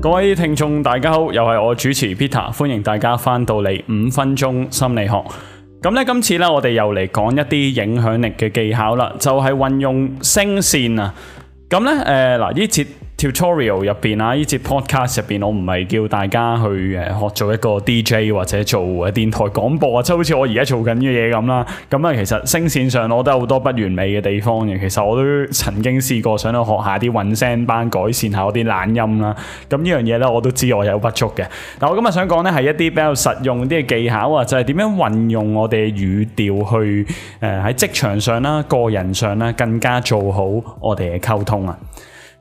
各位聽眾大家好，又係我主持 Peter，歡迎大家返到嚟五分鐘心理學。咁咧，今次咧我哋又嚟講一啲影響力嘅技巧啦，就係運用聲線啊。咁咧，誒嗱，呢節。tutorial 入邊啊，呢節 podcast 入邊，我唔係叫大家去誒學做一個 DJ 或者做誒電台廣播啊，即係好似我而家做緊嘅嘢咁啦。咁啊，其實聲線上我都有好多不完美嘅地方嘅。其實我都曾經試過想去學下啲混聲班，改善下我啲懶音啦。咁呢樣嘢咧，我都知我有不足嘅。嗱，我今日想講咧係一啲比較實用啲嘅技巧啊，就係點樣運用我哋語調去誒喺職場上啦、個人上啦，更加做好我哋嘅溝通啊。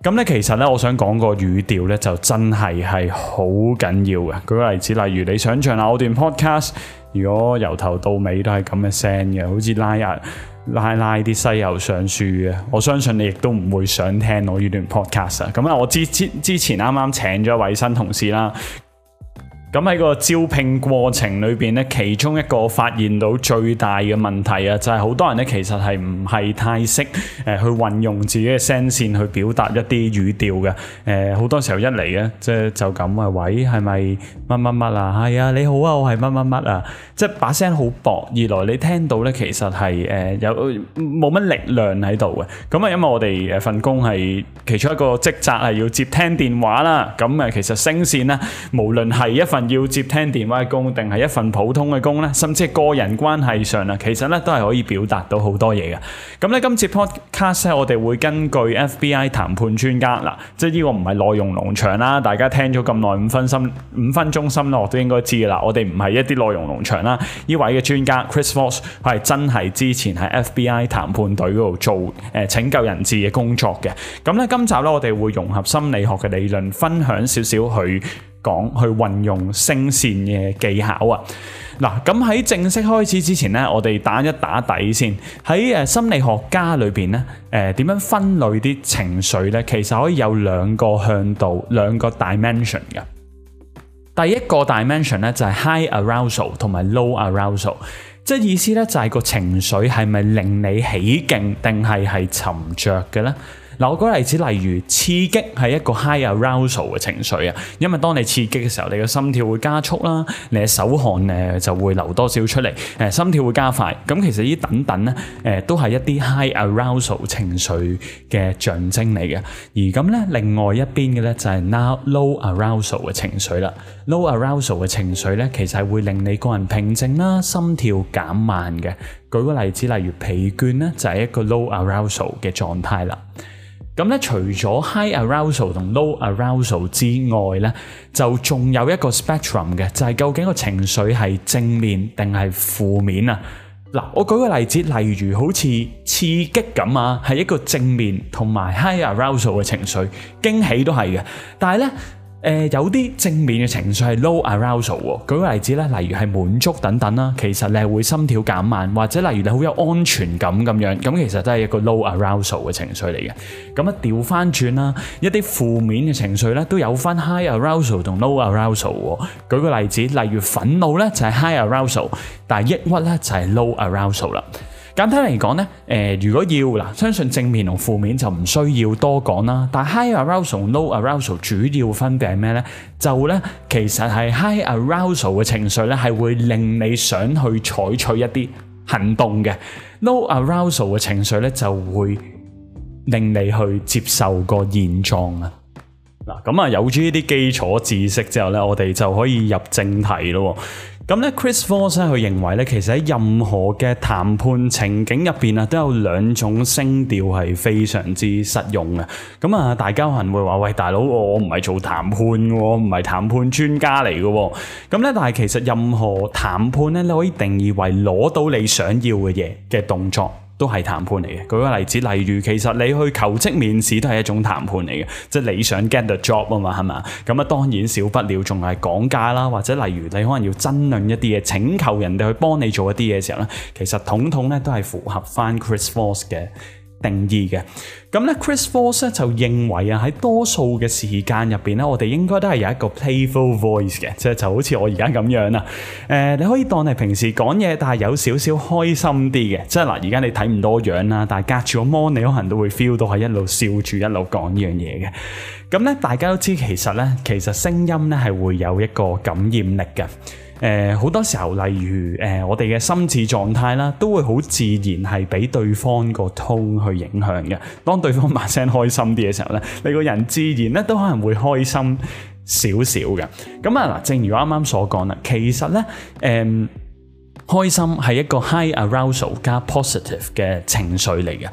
咁咧，其實咧，我想講個語調咧，就真係係好緊要嘅。舉個例子，例如你想像下我段 podcast，如果由頭到尾都係咁嘅聲嘅，好似拉呀、啊、拉拉啲西遊上樹嘅，我相信你亦都唔會想聽我呢段 podcast 啊。咁啊，我之之之前啱啱請咗一位新同事啦。咁喺個招聘過程裏邊咧，其中一個發現到最大嘅問題啊，就係好多人咧，其實係唔係太識誒去運用自己嘅聲線去表達一啲語調嘅誒，好多時候一嚟咧，即係就咁啊，喂，係咪乜乜乜啊？係啊，你好啊，我係乜乜乜啊，即係把聲好薄。二來你聽到咧，其實係誒有冇乜力量喺度嘅。咁啊，因為我哋誒份工係其中一個職責係要接聽電話啦。咁啊，其實聲線咧，無論係一份，要接聽電話嘅工，定係一份普通嘅工呢？甚至係個人關係上啊，其實呢都係可以表達到好多嘢嘅。咁呢，今次 podcast 呢我哋會根據 FBI 談判專家嗱，即係呢個唔係內容農場啦，大家聽咗咁耐五分心五分鐘心我都應該知噶啦。我哋唔係一啲內容農場啦，呢位嘅專家 Chris Voss 係真係之前喺 FBI 談判隊嗰度做誒、呃、拯救人質嘅工作嘅。咁呢，今集呢，我哋會融合心理學嘅理論，分享少少佢。講去運用聲線嘅技巧啊！嗱，咁喺正式開始之前呢，我哋打一打底先。喺誒、呃、心理學家裏邊呢，誒、呃、點樣分類啲情緒呢？其實可以有兩個向度，兩個 dimension 嘅。第一個 dimension 呢就係、是、high arousal 同埋 low arousal，即係意思呢就係、是、個情緒係咪令你起勁定係係沉着嘅呢？嗱，舉例子例如刺激係一個 high arousal 嘅情緒啊，因為當你刺激嘅時候，你嘅心跳會加速啦，你嘅手汗咧就會流多少出嚟，誒心跳會加快。咁其實呢等等咧，誒都係一啲 high arousal 情緒嘅象徵嚟嘅。而咁咧，另外一邊嘅咧就係 low arousal 嘅情緒啦。low arousal 嘅情緒咧，其實係會令你個人平靜啦，心跳減慢嘅。舉個例子，例如疲倦咧就係一個 low arousal 嘅狀態啦。咁咧，除咗 high arousal 同 low arousal 之外咧，就仲有一個 spectrum 嘅，就係究竟個情緒係正面定係負面啊？嗱，我舉個例子，例如好似刺激咁啊，係一個正面同埋 high arousal 嘅情緒，驚喜都係嘅，但係咧。誒有啲正面嘅情緒係 low arousal 喎，舉個例子咧，例如係滿足等等啦，其實你係會心跳減慢，或者例如你好有安全感咁樣，咁其實都係一個 low arousal 嘅情緒嚟嘅。咁啊調翻轉啦，一啲負面嘅情緒咧都有翻 high arousal 同 low arousal 喎。舉個例子，例如憤怒咧就係 high arousal，但係抑鬱咧就係 low arousal 啦。簡單嚟講咧，誒，如果要嗱，相信正面同負面就唔需要多講啦。但係 high arousal、low arousal 主要分別係咩咧？就咧，其實係 high arousal 嘅情緒咧，係會令你想去採取一啲行動嘅；low arousal 嘅情緒咧，就會令你去接受個現狀啊。嗱，咁啊，有咗呢啲基礎知識之後咧，我哋就可以入正題咯。咁咧，Chris Voss 咧，佢認為咧，其實喺任何嘅談判情景入邊啊，都有兩種聲調係非常之實用嘅。咁啊，大家可能會話：喂，大佬，我唔係做談判嘅，唔係談判專家嚟嘅。咁咧，但係其實任何談判咧，你可以定義為攞到你想要嘅嘢嘅動作都係談判嚟嘅。舉個例子，例如其實你去求職面試都係一種談判嚟嘅，即係你想 get the job 啊嘛，係嘛？咁啊，當然少不了仲係講價啦，或者例如你可能要爭論一啲嘢，請求人哋去幫你做一啲嘢時候咧，其實統統咧都係符合翻 Chris Voss 嘅。定義嘅，咁咧，Chris Voss 咧就認為啊，喺多數嘅時間入邊咧，我哋應該都係有一個 playful voice 嘅，即係就好似我而家咁樣啦、啊。誒、呃，你可以當係平時講嘢，但係有少少開心啲嘅，即係嗱，而家你睇唔多樣啦，但係隔住個 mon，你可能都會 feel 到係一路笑住一路講呢樣嘢嘅。咁咧，大家都知其實咧，其實聲音咧係會有一個感染力嘅。誒、呃、好多時候，例如誒、呃、我哋嘅心智狀態啦，都會好自然係俾對方個 tone 去影響嘅。當對方把聲開心啲嘅時候咧，你個人自然咧都可能會開心少少嘅。咁啊嗱，正如啱啱所講啦，其實咧誒、呃、開心係一個 high arousal 加 positive 嘅情緒嚟嘅。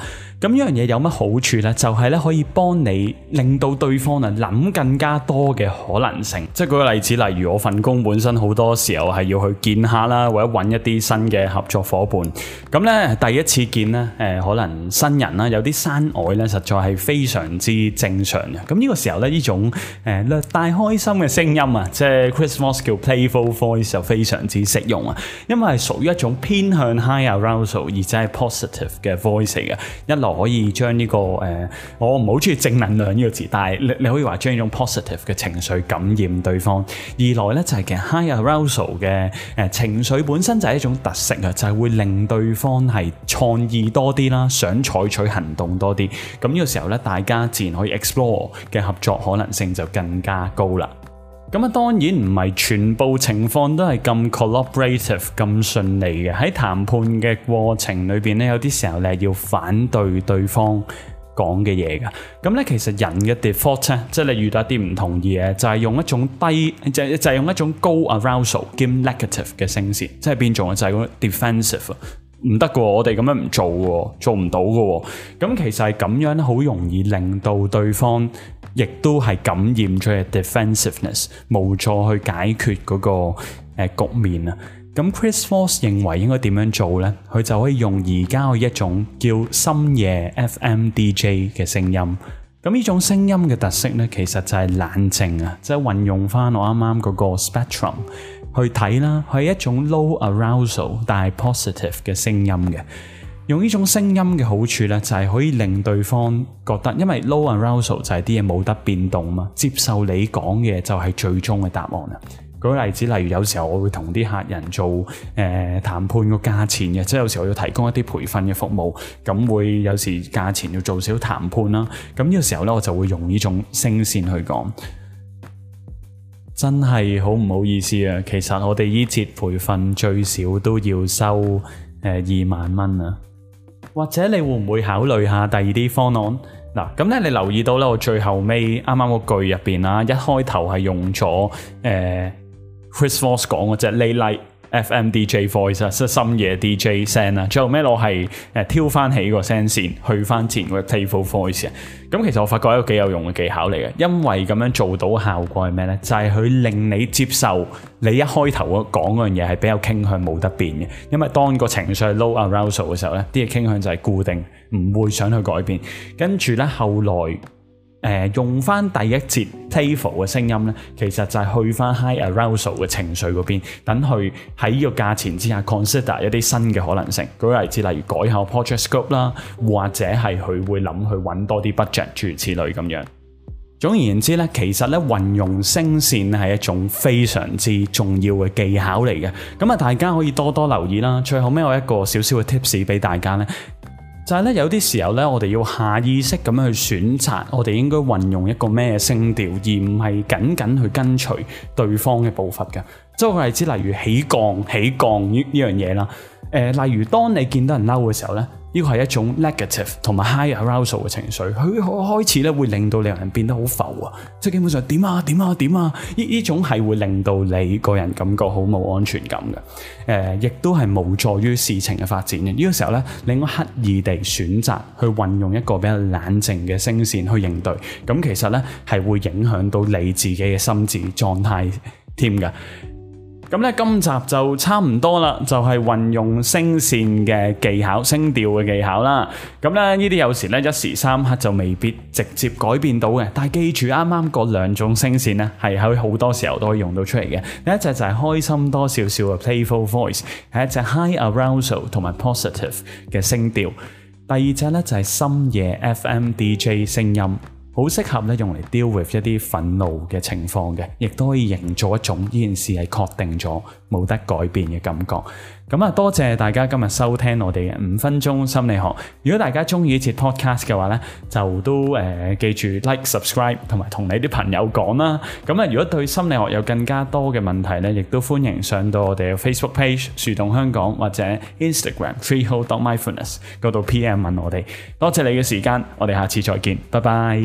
咁呢樣嘢有乜好處咧？就係、是、咧可以幫你令到對方啊諗，更加多嘅可能性。即係舉個例子，例如我份工本身好多時候係要去見客啦，或者揾一啲新嘅合作夥伴。咁咧第一次見咧，誒、呃、可能新人啦，有啲生外咧，實在係非常之正常嘅。咁呢個時候咧，呢種誒、呃、略帶開心嘅聲音啊，即、就、係、是、Chris Voss 叫 playful voice 就非常之適用啊，因為係屬於一種偏向 higher arousal 而且係 positive 嘅 voice 嚟嘅，一落。可以將呢個、呃、我唔好中意正能量呢個字，但係你你可以話將呢種 positive 嘅情緒感染對方。二來呢，就係其實 higher arousal 嘅、呃、情緒本身就係一種特色啊，就係會令對方係創意多啲啦，想採取行動多啲。咁呢個時候呢，大家自然可以 explore 嘅合作可能性就更加高啦。咁啊，當然唔係全部情況都係咁 collaborative 咁順利嘅。喺談判嘅過程裏面咧，有啲時候你係要反對對方講嘅嘢㗎。咁咧，其實人嘅 default 呢，即係你遇到一啲唔同意嘅，就係、係、用一種低，就係、就係、用一種高 arousal、game negative 嘅聲線，即、就、係、係、變種啊？就係個 defensive。唔得喎，我哋咁樣唔做嘅，做唔到喎。咁其實係咁樣，好容易令到對方。亦都係感染咗係 defensiveness，無助去解決嗰個誒局面啊！咁 Chris Voss 認為應該點樣做呢？佢就可以用而家嘅一種叫深夜 FM DJ 嘅聲音。咁呢種聲音嘅特色呢，其實就係冷靜啊，即係運用翻我啱啱嗰個 spectrum 去睇啦，佢係一種 low arousal 但係 positive 嘅聲音嘅。用呢種聲音嘅好處咧，就係、是、可以令對方覺得，因為 low arousal 就係啲嘢冇得變動嘛，接受你講嘅就係最終嘅答案啦。舉個例子，例如有時候我會同啲客人做誒、呃、談判個價錢嘅，即、就、係、是、有時候要提供一啲培訓嘅服務，咁會有時價錢要做少談判啦。咁呢個時候咧，我就會用呢種聲線去講，真係好唔好意思啊！其實我哋呢節培訓最少都要收、呃、二萬蚊啊！或者你會唔會考慮下第二啲方案？嗱，咁呢，你留意到咧，我最後尾啱啱個句入面啦，一開頭係用咗誒，Chris Voss 講嘅即係 Late Night F.M.D.J.voice 啊，即深夜 D.J. 聲啦，最後咩我係誒挑翻起個聲線去翻前個 treble voice 啊，咁其實我發覺一個幾有用嘅技巧嚟嘅，因為咁樣做到效果係咩咧？就係佢令你接受你一開頭個講嗰樣嘢係比較傾向冇得變嘅，因為當個情緒係 low arousal 嘅時候咧，啲嘢傾向就係固定，唔會想去改變，跟住咧後來。呃、用翻第一節 table 嘅聲音呢，其實就係去翻 high arousal 嘅情緒嗰邊，等佢喺呢個價錢之下 consider 一啲新嘅可能性。舉個例子，例如改下 project scope 啦，或者係佢會諗去揾多啲 budget，諸如此類咁樣。總而言之呢，其實咧，運用聲線係一種非常之重要嘅技巧嚟嘅。咁啊，大家可以多多留意啦。最後尾，我有一個少少嘅 tips 俾大家呢就係咧，有啲時候咧，我哋要下意識咁樣去選擇，我哋應該運用一個咩聲調，而唔係緊緊去跟隨對方嘅步伐嘅。即係個例子，例如起降、起降呢呢樣嘢啦。誒、呃，例如當你見到人嬲嘅時候咧。呢個係一種 negative 同埋 high arousal 嘅情緒，佢開開始咧會令到你個人變得好浮啊！即係基本上點啊點啊點啊！呢呢種係會令到你個人感覺好冇安全感嘅，誒亦都係無助於事情嘅發展嘅。呢個時候咧，你可刻意地選擇去運用一個比較冷靜嘅聲線去應對，咁其實咧係會影響到你自己嘅心智狀態添㗎。咁咧，今集就差唔多啦，就係運用聲線嘅技巧、聲調嘅技巧啦。咁咧，呢啲有時咧一時三刻就未必直接改變到嘅，但係記住啱啱嗰兩種聲線咧，係喺好多時候都可以用到出嚟嘅。第一隻就係開心多少少嘅 playful voice，係一隻 high arousal 同埋 positive 嘅聲調。第二隻咧就係深夜 FM DJ 聲音。好適合咧用嚟 deal with 一啲憤怒嘅情況嘅，亦都可以營造一種呢件事係確定咗，冇得改變嘅感覺。咁啊，多謝大家今日收聽我哋嘅五分鐘心理學。如果大家中意呢節 podcast 嘅話咧，就都誒記住 like、subscribe 同埋同你啲朋友講啦。咁啊，如果對心理學有更加多嘅問題咧，亦都歡迎上到我哋嘅 Facebook page 樹洞香港或者 Instagram freehold mindfulnesstreehole.mindfulness 嗰度 PM 問我哋。多謝你嘅時間，我哋下次再見，拜拜。